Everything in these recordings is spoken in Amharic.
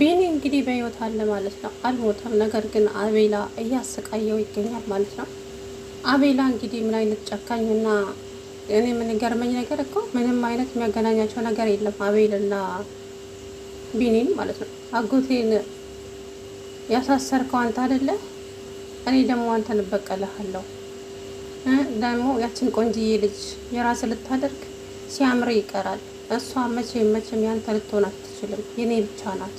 ቢኒ እንግዲህ በህይወት አለ ማለት ነው። አልሞተም። ነገር ግን አቤላ እያሰቃየው ይገኛል ማለት ነው። አቤላ እንግዲህ ምን አይነት ጨካኝና እኔ የምንገርመኝ ነገር እኮ ምንም አይነት የሚያገናኛቸው ነገር የለም አቤልና ቢኒን ማለት ነው። አጎቴን ያሳሰርከው አንተ አይደለ? እኔ ደግሞ አንተን እበቀልሃለሁ። ደግሞ ያችን ቆንጅዬ ልጅ የራስ ልታደርግ ሲያምር ይቀራል። እሷ መቼም መቼም ያንተ ልትሆን አትችልም። የኔ ብቻ ናት።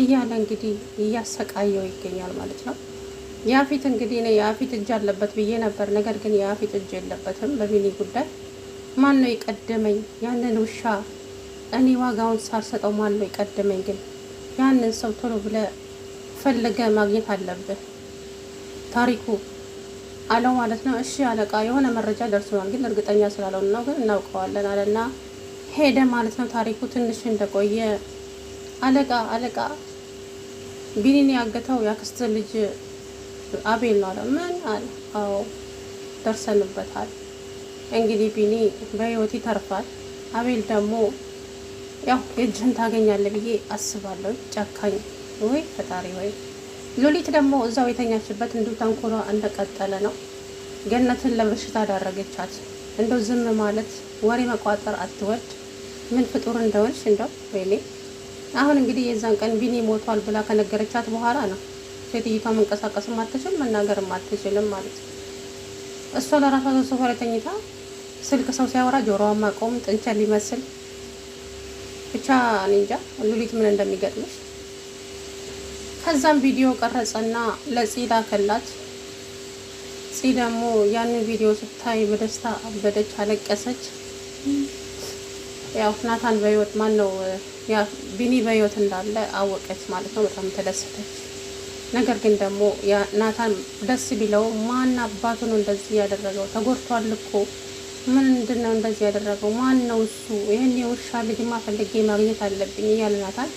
እያለ እንግዲህ እያሰቃየው ይገኛል ማለት ነው። የአፊት እንግዲህ ነ የአፊት እጅ አለበት ብዬ ነበር። ነገር ግን የአፊት እጅ የለበትም። በቢኒ ጉዳይ ማን ነው የቀደመኝ? ያንን ውሻ እኔ ዋጋውን ሳልሰጠው ማን ነው የቀደመኝ? ግን ያንን ሰው ቶሎ ብለ ፈለገ ማግኘት አለብህ። ታሪኩ አለው ማለት ነው። እሺ አለቃ፣ የሆነ መረጃ ደርሶናል፣ ግን እርግጠኛ ስላልሆነ ነው፣ ግን እናውቀዋለን አለና ሄደ ማለት ነው። ታሪኩ ትንሽ እንደቆየ አለቃ አለቃ ቢኒን ያገተው ያክስት ልጅ አቤል ነው አለ። ምን አለ? አዎ ደርሰንበታል። እንግዲህ ቢኒ በህይወት ይተርፋል። አቤል ደግሞ ያው እጅን ታገኛለ ብዬ አስባለሁ። ጨካኝ ወይ ፈጣሪ ወይ። ሎሊት ደግሞ እዛው የተኛችበት እንዲሁ ተንኮሏ እንደቀጠለ ነው። ገነትን ለበሽታ ዳረገቻት። እንደው ዝም ማለት ወሬ መቋጠር አትወድ። ምን ፍጡር እንደሆንሽ እንደው ወይኔ አሁን እንግዲህ የዛን ቀን ቢኒ ሞቷል ብላ ከነገረቻት በኋላ ነው ሴትዮቷ መንቀሳቀስም አትችል መናገርም አትችልም ማለት ነው። እሷ ለራሷ ሶፋ ላይ ተኝታ ስልክ ሰው ሲያወራ ጆሮዋ ማቆም ጥንቸል ሊመስል ብቻ እንጃ ሉሊት ምን እንደሚገጥምሽ። ከዛም ቪዲዮ ቀረጸና ለፂ ላከላት። ፂ ደግሞ ያንን ቪዲዮ ስታይ በደስታ አበደች፣ አለቀሰች። ያው ናታን በህይወት ማን ነው ቢኒ በህይወት እንዳለ አወቀች ማለት ነው። በጣም ተደሰተች። ነገር ግን ደግሞ ናታን ደስ ቢለው ማን አባቱ ነው እንደዚህ ያደረገው? ተጎድቷል እኮ ምንድን ነው እንደዚህ ያደረገው? ማን ነው እሱ? ይህን የውሻ ልጅማ ፈልጌ ማግኘት አለብኝ እያለ ናታን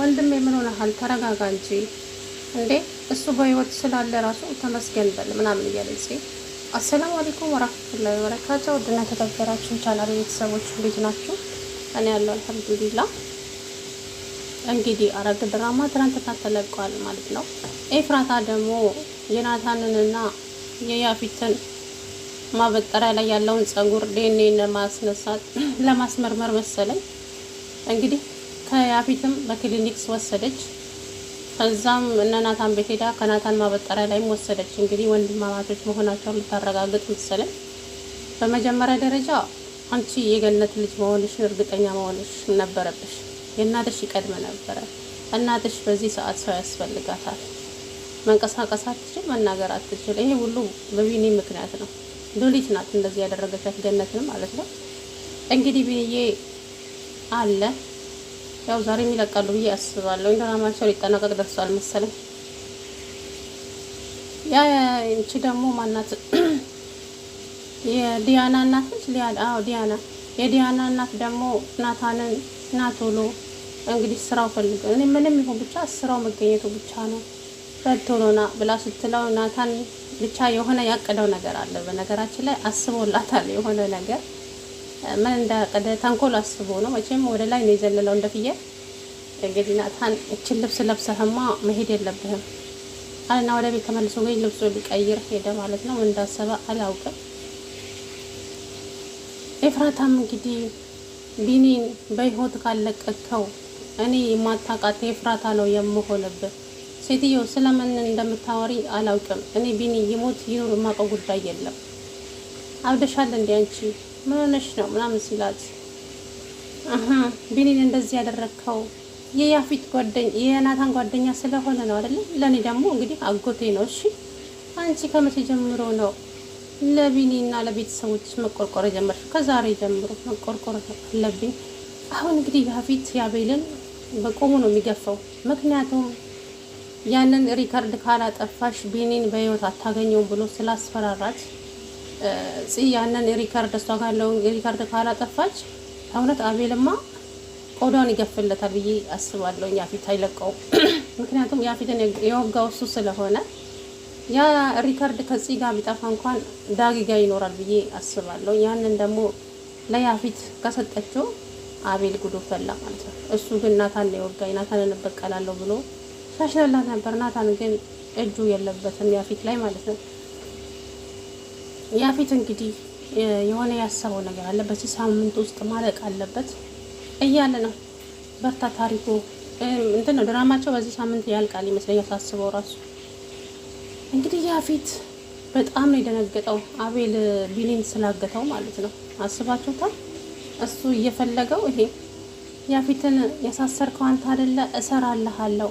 ወንድም ምን ሆነሃል? ተረጋጋ እንጂ እንዴ እሱ በህይወት ስላለ ራሱ ተመስገን በል ምናምን እያለ አሰላሙ አለይኩም ወራህመቱላሂ ወበረካቱ ውድና የተከበራችሁ ቻናል ቤተሰቦች እንዴት ናችሁ? እኔ ያለው አልሐምዱሊላ። እንግዲህ ሐረግ ድራማ ትናንትና ተለቋል ማለት ነው። ኤፍራታ ደግሞ የናታንንና የያፊትን ማበጠሪያ ላይ ያለውን ጸጉር ዴኔ ለማስነሳት ለማስመርመር መሰለኝ እንግዲህ ከያፊትም በክሊኒክስ ወሰደች ከዛም እነ ናታን ቤት ሄዳ ከናታን ማበጠሪያ ላይም ወሰደች። እንግዲህ ወንድማማቾች መሆናቸውን ልታረጋግጥ መሰለኝ። በመጀመሪያ ደረጃ አንቺ የገነት ልጅ መሆንሽን እርግጠኛ መሆንሽ ነበረብሽ። የእናትሽ ይቀድመ ነበረ። እናትሽ በዚህ ሰዓት ሰው ያስፈልጋታል። መንቀሳቀስ አትችል፣ መናገር አትችል። ይሄ ሁሉ በቢኒ ምክንያት ነው። ሉሊት ናት እንደዚህ ያደረገቻት ገነትን ማለት ነው። እንግዲህ ቢኒዬ አለ ያው ዛሬ የሚለቃሉ ብዬ አስባለሁ። ኢንተራማቸው ሊጠናቀቅ ደርሷል መሰለኝ። ያ እንቺ ደግሞ ማናት? የዲያና እናቶች አዎ፣ ዲያና የዲያና እናት ደግሞ ናታንን ና ቶሎ እንግዲህ ስራው ፈልገ እኔ ምንም ይሁን ብቻ ስራው መገኘቱ ብቻ ነው በቶሎና ብላ ስትለው ናታን ብቻ የሆነ ያቀደው ነገር አለ። በነገራችን ላይ አስቦላታል የሆነ ነገር ምን እንዳቀደ ተንኮል አስቦ ነው መቼም ወደ ላይ ነው የዘለለው እንደ ፍየል። እንግዲህ ናታን እችን ልብስ ለብሰህማ መሄድ የለብህም አለና ወደ ቤት ተመልሶ እንግዲህ ልብሱ ሊቀይር ሄደ ማለት ነው። ምን እንዳሰበ አላውቅም። ኤፍራታም እንግዲህ ቢኒን በህይወት ካለቀቅከው እኔ የማታውቃት ኤፍራታ ነው የምሆንብህ። ሴትዮ ስለምን እንደምታወሪ አላውቅም። እኔ ቢኒ ይሞት ይኑር የማውቀው ጉዳይ የለም። አብደሻል እንዲያንቺ ምን ሆነሽ ነው ምናምን ሲላት ቢኒን እንደዚህ ያደረግከው የያፊት ጓደኛ የናታን ጓደኛ ስለሆነ ነው አይደል? ለእኔ ደግሞ እንግዲህ አጎቴ ነው። እሺ አንቺ ከመቼ ጀምሮ ነው ለቢኒና ለቤተሰቦች መቆርቆር ጀመርሽ? ከዛሬ ጀምሮ መቆርቆር አለብኝ። አሁን እንግዲህ ያፊት ያቤልን በቆሙ ነው የሚገፋው። ምክንያቱም ያንን ሪከርድ ካላጠፋሽ ቢኒን በህይወት አታገኘውም ብሎ ስላስፈራራት ጽ ያንን ሪካርድ እሷ ጋር ያለውን ሪካርድ ካላጠፋች እውነት አቤልማ ቆዳውን ይገፍለታል ብዬ አስባለሁ። ያፊት አይለቀውም። ምክንያቱም ያፊትን የወጋው እሱ ስለሆነ ያ ሪካርድ ከጽ ጋር ቢጠፋ እንኳን ዳግጋ ይኖራል ብዬ አስባለሁ። ያንን ደግሞ ለያፊት ከሰጠችው አቤል ጉዶ ፈላ ማለት ነው። እሱ ግን ናታን ነው የወጋኝ፣ ናታንን ብሎ ሻሽላላት ነበር። ናታን ግን እጁ የለበትም ያፊት ላይ ማለት ነው። ያፌት እንግዲህ የሆነ ያሰበው ነገር አለ። በዚህ ሳምንት ውስጥ ማለቅ አለበት እያለ ነው። በርታ ታሪኩ እንትን ነው። ድራማቸው በዚህ ሳምንት ያልቃል ይመስለኛል ሳስበው ራሱ እንግዲህ ያፌት በጣም ነው የደነገጠው። አቤል ቢኒን ስላገተው ማለት ነው። አስባችሁታል? እሱ እየፈለገው ይሄ ያፌትን ያሳሰርከው አንተ እሰራ እሰራልሃለሁ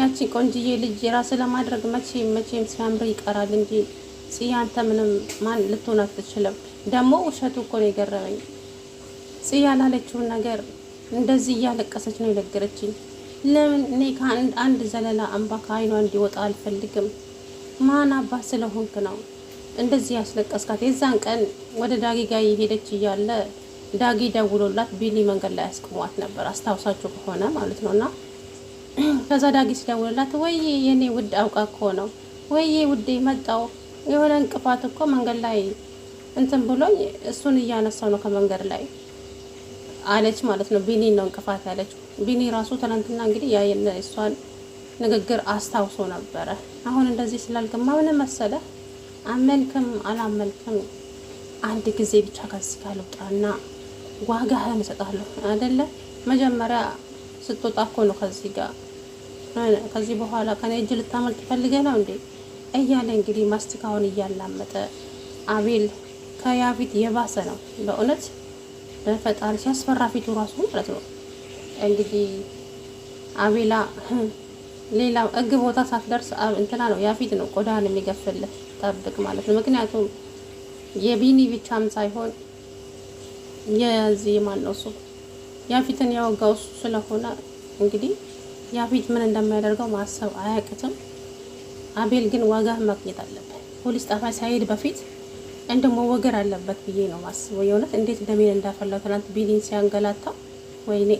ያቺ ቆንጅዬ ልጅ የራስ ለማድረግ መቼም መቼም ሲያምር ይቀራል እንጂ ጽዬ አንተ ምንም ማን ልትሆን አትችልም። ደግሞ ውሸቱ እኮ ነው የገረመኝ። ጽዬ ያላለችውን ነገር እንደዚህ እያለቀሰች ነው የነገረችኝ። ለምን እኔ ከአንድ አንድ ዘለላ አምባ ከአይኗ እንዲወጣ አልፈልግም። ማን አባት ስለሆንክ ነው እንደዚህ ያስለቀስካት? የዛን ቀን ወደ ዳጊ ጋር የሄደች እያለ ዳጊ ደውሎላት ቢሊ መንገድ ላይ ያስቆሟት ነበር፣ አስታውሳችሁ ከሆነ ማለት ነው። እና ከዛ ዳጊ ሲደውልላት ወይ የኔ ውድ አውቃ እኮ ነው ወይ ውዴ መጣው የሆነ እንቅፋት እኮ መንገድ ላይ እንትን ብሎኝ እሱን እያነሳው ነው ከመንገድ ላይ አለች ማለት ነው። ቢኒ ነው እንቅፋት ያለች። ቢኒ ራሱ ትናንትና እንግዲህ ያ እሷን ንግግር አስታውሶ ነበረ። አሁን እንደዚህ ስላልገማ ምን መሰለ፣ አመልክም አላመልክም አንድ ጊዜ ብቻ ከዚህ ካልውጣና ዋጋህን እሰጣለሁ አይደለ? መጀመሪያ ስትወጣ እኮ ነው ከዚህ ጋር ከዚህ በኋላ ከኔ እጅ ልታመልጥ ፈልገ ነው እንዴ? እያለ እንግዲህ ማስቲካውን እያላመጠ አቤል ከያፌት የባሰ ነው በእውነት በፈጣሪ ሲያስፈራ ፊቱ ራሱ ማለት ነው። እንግዲህ አቤላ ሌላ እግ ቦታ ሳትደርስ እንትና ነው ያፌት ነው ቆዳን የሚገፍልህ ጠብቅ ማለት ነው። ምክንያቱም የቢኒ ብቻም ሳይሆን የዚህ ማን ነው እሱ ያፌትን ያወጋው እሱ ስለሆነ እንግዲህ ያፌት ምን እንደሚያደርገው ማሰብ አያቅትም። አቤል ግን ዋጋ ማግኘት አለበት። ፖሊስ ጣፋ ሳይሄድ በፊት እንደ መወገር አለበት ብዬ ነው ማስበው። የእውነት እንዴት ደሜን እንዳፈላው ትናንት ቢሊን ሲያንገላታ ወይኔ